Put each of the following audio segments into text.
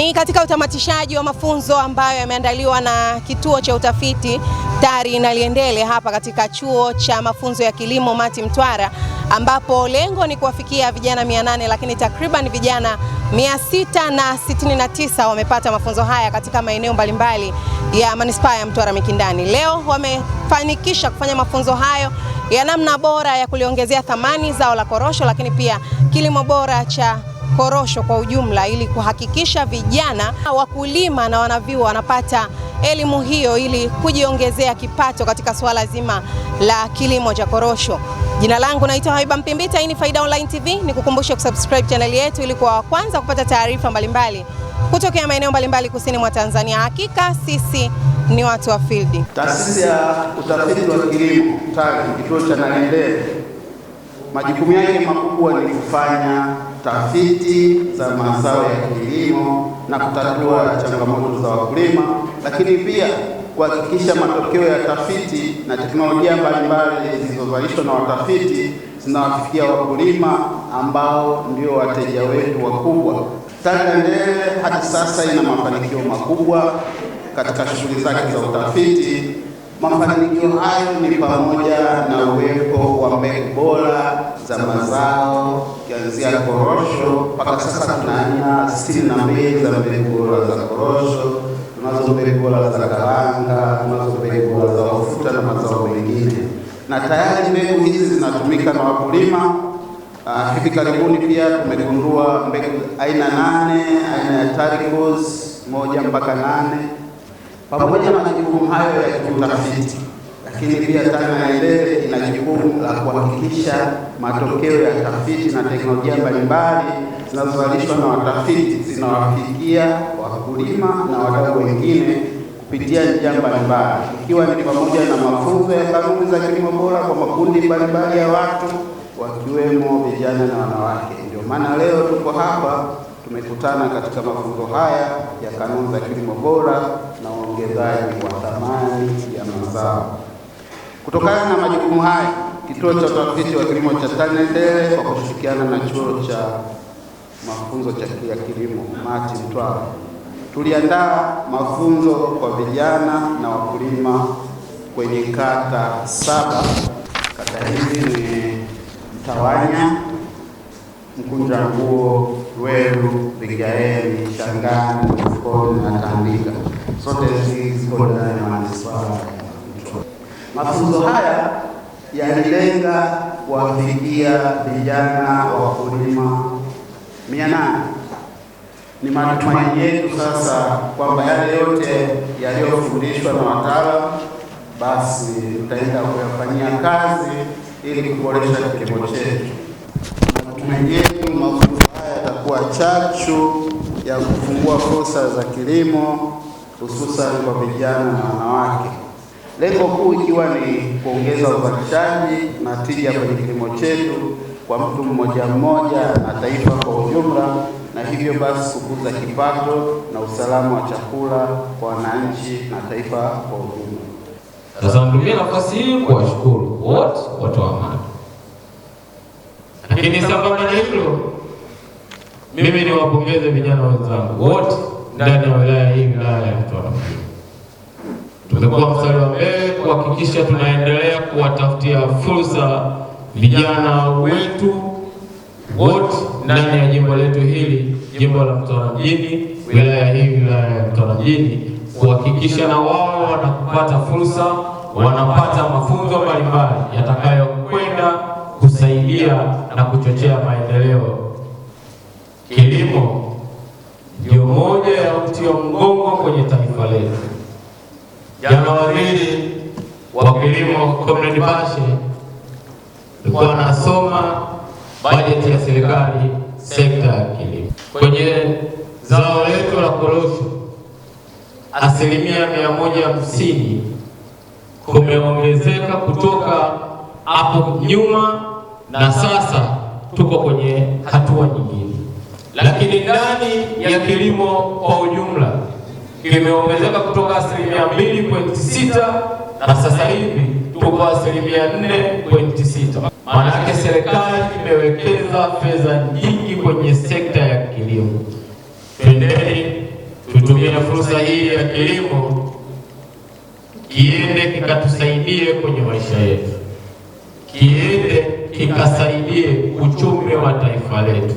Ni katika utamatishaji wa mafunzo ambayo yameandaliwa na kituo cha utafiti TARI Naliendele hapa katika chuo cha mafunzo ya kilimo Mati Mtwara, ambapo lengo ni kuwafikia vijana 800 lakini takriban vijana 669 wamepata mafunzo haya katika maeneo mbalimbali ya manispaa ya Mtwara Mikindani. Leo wamefanikisha kufanya mafunzo hayo ya namna bora ya kuliongezea thamani zao la korosho, lakini pia kilimo bora cha korosho kwa ujumla, ili kuhakikisha vijana wakulima na wanavyuo wanapata elimu hiyo ili kujiongezea kipato katika suala zima la kilimo cha korosho. Jina langu naitwa Haiba Mpimbita, hii ni Faida Online TV. Nikukumbushe kusubscribe channel yetu ili kuwa wa kwanza kupata taarifa mbalimbali kutokea maeneo mbalimbali kusini mwa Tanzania. Hakika sisi ni watu wa field. Taasisi ya utafiti wa kilimo TAKI, kituo cha Naliendele, majukumu yake makubwa ni kufanya tafiti za mazao ya kilimo na kutatua changamoto za wakulima, lakini pia kuhakikisha matokeo ya tafiti na teknolojia mbalimbali zilizozalishwa na watafiti zinawafikia wakulima ambao ndio wateja wetu wakubwa. ndele hadi sasa ina mafanikio makubwa katika shughuli zake za utafiti. Mafanikio hayo ni pamoja na uwepo wa mbegu bora za mazao kianzia korosho mpaka sasa tuna aina sitini na mbili za mbegu bora za korosho, tunazo mbegu bora za karanga, tunazo mbegu bora za ufuta na mazao mengine, na tayari mbegu hizi zinatumika na wakulima. Uh, hivi karibuni pia tumegundua mbegu aina nane aina ya tarikos moja mpaka nane. Pamoja na majukumu hayo ya kiutafiti lakini pia ya maendeleo ina jukumu la kuhakikisha matokeo ya tafiti na teknolojia mbalimbali zinazozalishwa na watafiti zinawafikia wakulima na wadau wengine kupitia njia mbalimbali, ikiwa ni pamoja na mafunzo ya kanuni za kilimo bora kwa makundi mbalimbali ya watu wakiwemo vijana na wanawake. Ndio maana leo tuko hapa tumekutana katika mafunzo haya ya kanuni za kilimo bora na uongezaji wa thamani ya mazao. Kutokana na majukumu haya, kituo cha utafiti wa kilimo cha TANEDELE kwa kushirikiana na chuo cha mafunzo ya kilimo MATI Mtwara tuliandaa mafunzo kwa vijana na wakulima kwenye kata saba. Kata hizi ni Mtawanya, nguo Lweru, Vigaeni, Shangani, Mkoni na Tandika. sote hizi ziko ndani ya manispaa Mafunzo haya yalilenga kuwafikia vijana wakulima mia nane. Ni matumaini yetu sasa kwamba yale yote yaliyofundishwa na wataalamu basi tutaenda kuyafanyia kazi ili kuboresha kilimo chetu. Matumaini yetu mafunzo haya yatakuwa chachu ya kufungua fursa za kilimo hususan kwa vijana na wanawake lengo kuu ikiwa ni kuongeza uzalishaji na tija kwenye kilimo chetu kwa mtu mmoja mmoja na taifa kwa ujumla, na hivyo basi kukuza kipato na usalama wa chakula kwa wananchi na taifa kwa ujumla. Sasa mtumie nafasi hii kuwashukuru wote watu wa mada, lakini sambamba na hilo, mimi niwapongeze vijana wenzangu wote ndani ya wilaya hii, wilaya ya Mtwara Mjini tumekuwa mstari wa mbele kuhakikisha tunaendelea kuwatafutia fursa vijana wetu wote ndani ya jimbo letu hili, jimbo la Mtwara mjini, wilaya hii, wilaya ya Mtwara mjini, kuhakikisha na wao wanapata fursa, wanapata mafunzo mbalimbali yatakayokwenda kusaidia na kuchochea maendeleo. Kilimo ndio moja ya uti wa mgongo kwenye taifa letu. Jana waziri wa kilimo Comrade Bashe alikuwa anasoma bajeti ya serikali sekta ya kilimo. Kwenye zao letu la korosho asilimia mia moja hamsini kumeongezeka kutoka hapo nyuma, na sasa tuko kwenye hatua nyingine, lakini ndani ya kilimo kwa ujumla kimeongezeka kutoka asilimia 2.6 na sasa hivi tuko asilimia 4.6. Maanake serikali imewekeza fedha nyingi kwenye sekta ya kilimo. Pendeni tutumie fursa hii ya kilimo kiende kikatusaidie kwenye maisha yetu, kiende kikasaidie uchumi wa taifa letu.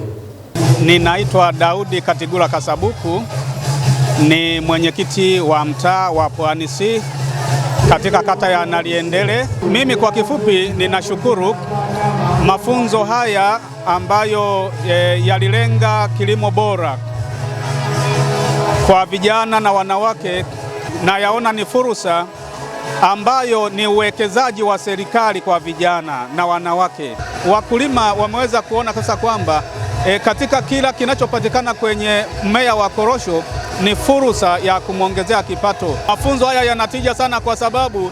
Ninaitwa Daudi Katigula Kasabuku ni mwenyekiti wa mtaa wa Pwani C katika kata ya Naliendele. Mimi kwa kifupi, ninashukuru mafunzo haya ambayo e, yalilenga kilimo bora kwa vijana na wanawake, na yaona ni fursa ambayo ni uwekezaji wa serikali kwa vijana na wanawake. Wakulima wameweza kuona sasa kwamba e, katika kila kinachopatikana kwenye mmea wa korosho ni fursa ya kumwongezea kipato. Mafunzo haya yanatija sana kwa sababu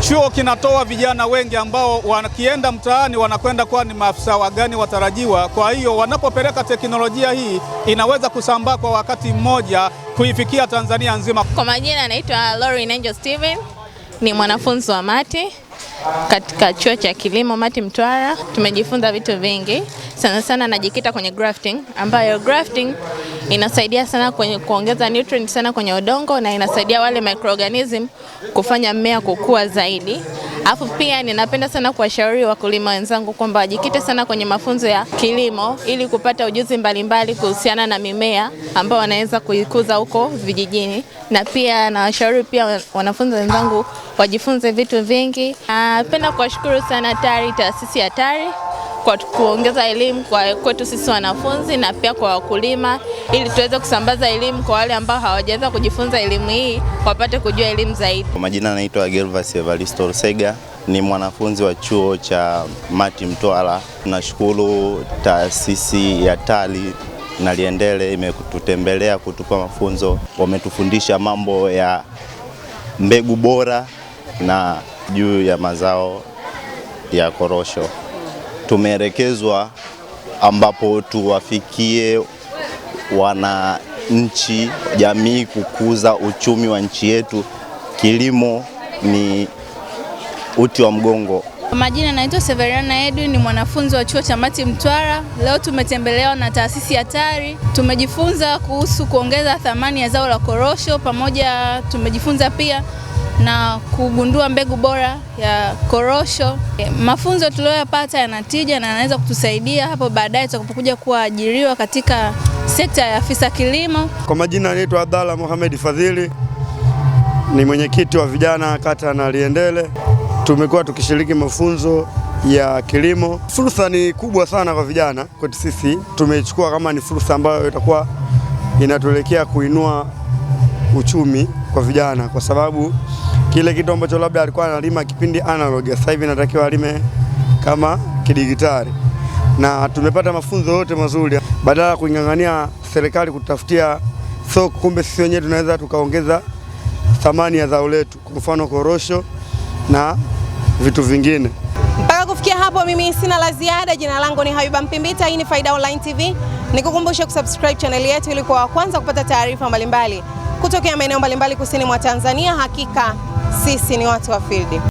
chuo kinatoa vijana wengi ambao wakienda mtaani wanakwenda kuwa ni maafisa wagani watarajiwa. Kwa hiyo wanapopeleka teknolojia hii inaweza kusambaa kwa wakati mmoja kuifikia Tanzania nzima. Kwa majina anaitwa Lauren Angel Steven, ni mwanafunzi wa Mati katika chuo cha kilimo Mati Mtwara. Tumejifunza vitu vingi, sana sana najikita kwenye grafting ambayo grafting Inasaidia sana kwenye kuongeza nutrient sana kwenye udongo na inasaidia wale microorganism kufanya mmea kukua zaidi. Alafu pia ninapenda sana kuwashauri wakulima wenzangu kwamba wajikite sana kwenye mafunzo ya kilimo ili kupata ujuzi mbalimbali kuhusiana na mimea ambao wanaweza kuikuza huko vijijini, na pia nawashauri pia wanafunzi wenzangu wajifunze vitu vingi. Napenda kuwashukuru sana TARI, taasisi ya TARI kwa kuongeza elimu kwa kwetu sisi wanafunzi na pia kwa wakulima, ili tuweze kusambaza elimu kwa wale ambao hawajaweza kujifunza elimu hii wapate kujua elimu zaidi. Kwa majina anaitwa Gervas Evaristo Sega, ni mwanafunzi wa chuo cha Mati Mtwara. Tunashukuru taasisi ya TALI na Liendele imetutembelea kutupa mafunzo, wametufundisha mambo ya mbegu bora na juu ya mazao ya korosho tumeelekezwa ambapo tuwafikie wananchi, jamii, kukuza uchumi wa nchi yetu. Kilimo ni uti wa mgongo. Majina naitwa Severiana Edwin, ni mwanafunzi wa chuo cha Mati Mtwara. Leo tumetembelewa na taasisi ya TARI, tumejifunza kuhusu kuongeza thamani ya zao la korosho pamoja, tumejifunza pia na kugundua mbegu bora ya korosho. Mafunzo tuliyoyapata yana tija na yanaweza kutusaidia hapo baadaye tutakapokuja kuajiriwa katika sekta ya afisa kilimo. Kwa majina anaitwa Abdalla Mohamed Fadhili, ni mwenyekiti wa vijana kata Naliendele. Tumekuwa tukishiriki mafunzo ya kilimo. Fursa ni kubwa sana kwa vijana kwetu, sisi tumeichukua kama ni fursa ambayo itakuwa inatuelekea kuinua uchumi kwa vijana kwa sababu kile kitu ambacho labda alikuwa analima kipindi analog, sasa hivi natakiwa alime kama kidigitali, na tumepata mafunzo yote mazuri, badala ya kuingang'ania serikali kutafutia soko, kumbe sisi wenyewe tunaweza tukaongeza thamani ya zao letu, kwa mfano korosho na vitu vingine. Mpaka kufikia hapo, mimi sina la ziada. Jina langu ni Habiba Mpimbita, hii ni Faida Online TV. Nikukumbushe kusubscribe channel yetu ili kuwa wa kwanza kupata taarifa mbalimbali kutokea maeneo mbalimbali kusini mwa Tanzania. Hakika sisi ni watu wa field.